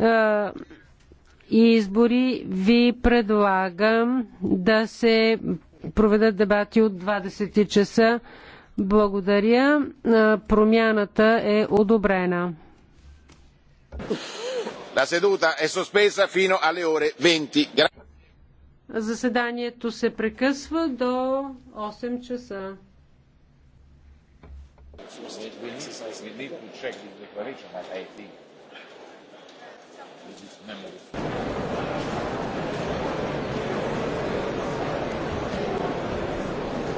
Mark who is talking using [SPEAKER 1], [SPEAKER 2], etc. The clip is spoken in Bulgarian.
[SPEAKER 1] Е, избори ви предлагам да се проведат дебати от 20 часа. Благодаря. Е, промяната е одобрена.
[SPEAKER 2] La seduta è sospesa fino alle ore 20.
[SPEAKER 1] Заседанието се прекъсва до 8 часа
[SPEAKER 3] memory.